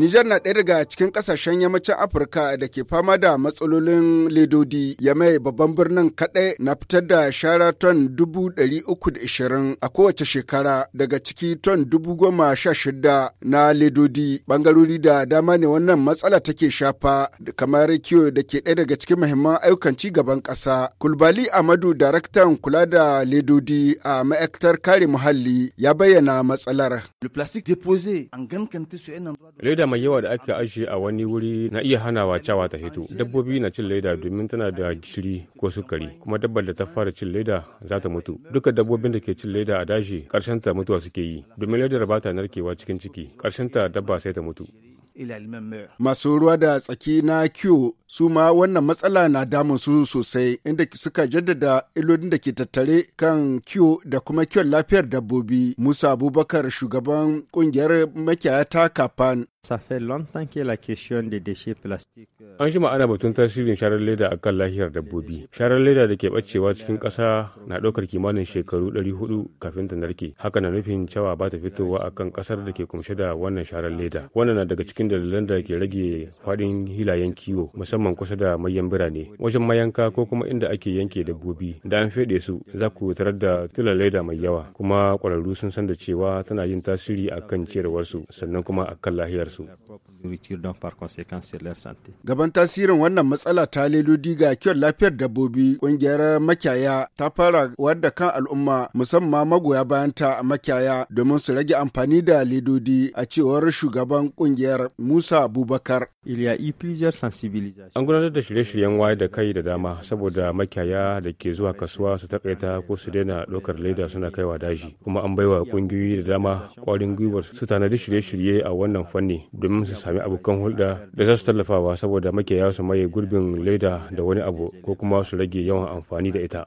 Nijar na ɗaya daga cikin ƙasashen yammacin Afirka da ke fama da matsalolin ledodi. ya mai babban birnin kaɗai na fitar da shara ton dubu da ishirin a kowace shekara daga ciki ton dubu shida na ledodi. bangarori da dama ne wannan matsala take shafa kamar kiwo da ke ɗaya daga cikin muhimman ayyukan ci gaban ƙasa. Kulbali Amadu daraktan kula da ledodi a ma'aikatar kare muhalli ya bayyana matsalar. mai yawa da aka ajiye a wani wuri na iya hanawa cawa ta hito dabbobi na cin leda domin tana da gishiri ko sukari kuma dabbar da ta fara cin leda za ta mutu duka dabbobin da ke cin leda a daji karshen ta mutuwa suke yi domin ledar ba ta narkewa cikin ciki karshen ta dabba sai ta mutu Masu ruwa da tsaki na Q su ma wannan matsala na damun su sosai inda suka jaddada ilolin da ke tattare kan Q da kuma kiwon lafiyar dabbobi. Musa Abubakar shugaban kungiyar makiyaya ta Kafan Euh, an jima ana batun tasirin sharar leda a kan lahiyar dabbobi. Sharar leda da ke ɓacewa cikin ƙasa na ɗaukar kimanin shekaru ɗari 400 kafin ta narke. Haka na nufin cewa ba ta fitowa a kan ƙasar da ke kumshe da wannan sharar leda. Wannan na daga cikin dalilan da ke rage faɗin hilayen kiwo musamman kusa da mayan birane. Wajen mayanka ko kuma inda ake yanke dabbobi da an feɗe su za ku tarar da tilar leda mai yawa kuma ƙwararru sun san da cewa tana yin tasiri a kan ciyarwarsu sannan kuma a kan lahiyar lafiyarsu. Gaban tasirin wannan matsala ta lelodi ga kyau lafiyar dabbobi kungiyar makiyaya ta fara wadda kan al'umma musamman magoya bayanta a makiyaya domin su rage amfani da ledodi a cewar shugaban kungiyar Musa Abubakar. An gudanar da shirye-shiryen wayar da kai da dama saboda makiyaya da ke zuwa kasuwa su takaita ko su daina ɗaukar leda suna kaiwa daji kuma an baiwa ƙungiyoyi da dama ƙwarin gwiwar su tanadi shirye-shirye a wannan fanni domin su sami abokan hulɗa da za su tallafawa saboda makiyaya su maye gurbin leda da wani abu ko kuma su rage yawan amfani da ita.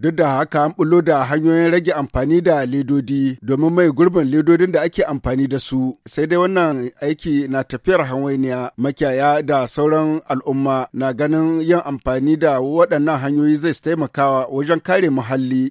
Duk da haka an bulo da hanyoyin rage amfani da ledodi domin mai gurbin ledodin da ake amfani da su sai dai wannan aiki na tafiyar hanwainiya makiyaya da sauran al'umma na ganin yin amfani da waɗannan hanyoyi zai taimakawa wajen kare muhalli.